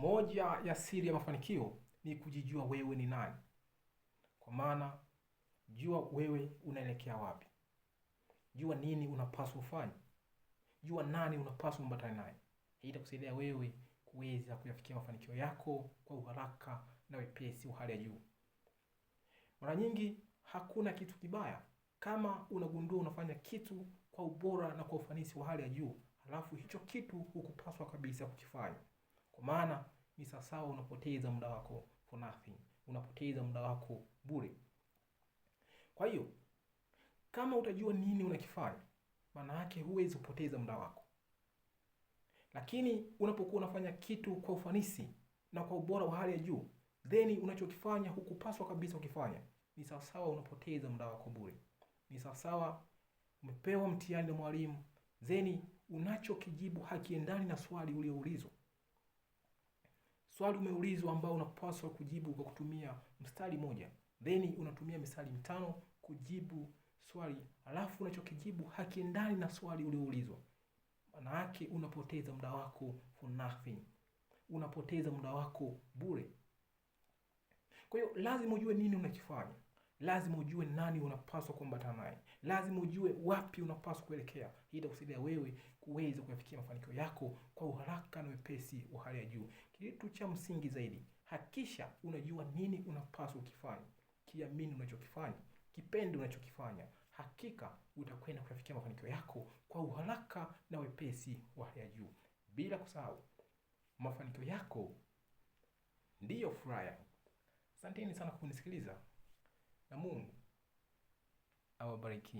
moja ya siri ya mafanikio ni kujijua wewe ni nani, kwa maana jua wewe unaelekea wapi, jua nini unapaswa ufanye, jua nani unapaswa umbatane naye. Hii itakusaidia wewe kuweza kuyafikia mafanikio yako kwa uharaka na wepesi wa hali ya juu. Mara nyingi hakuna kitu kibaya kama unagundua unafanya kitu kwa ubora na kwa ufanisi wa hali ya juu, halafu hicho kitu hukupaswa kabisa kukifanya. Kwa maana ni sawasawa unapoteza muda wako for nothing, unapoteza muda wako bure. Kwa hiyo kama utajua nini unakifanya, maana yake huwezi kupoteza muda wako. Lakini unapokuwa unafanya kitu kwa ufanisi na kwa ubora wa hali ya juu, then unachokifanya hukupaswa kabisa ukifanya, ni sawasawa unapoteza muda wako bure. Ni sawasawa umepewa mtihani na mwalimu, then unachokijibu hakiendani na swali ulioulizwa swali umeulizwa ambao unapaswa kujibu kwa kutumia mstari moja, then unatumia mistari mitano kujibu swali, alafu unachokijibu hakiendani na swali ulioulizwa, maana yake unapoteza muda wako for nothing, unapoteza muda wako bure. Kwa hiyo lazima ujue nini unakifanya lazima ujue nani unapaswa kuambatana naye, lazima ujue wapi unapaswa kuelekea. Hii itakusaidia wewe kuweza kuyafikia mafanikio yako kwa uharaka na wepesi wa hali ya juu. Kitu cha msingi zaidi, hakisha unajua nini unapaswa ukifanya, kiamini unachokifanya, kipende unachokifanya. Hakika utakwenda kuyafikia mafanikio yako kwa uharaka na wepesi wa hali ya juu, bila kusahau mafanikio yako ndiyo furaha. Asanteni sana kwa kunisikiliza na Mungu awabariki.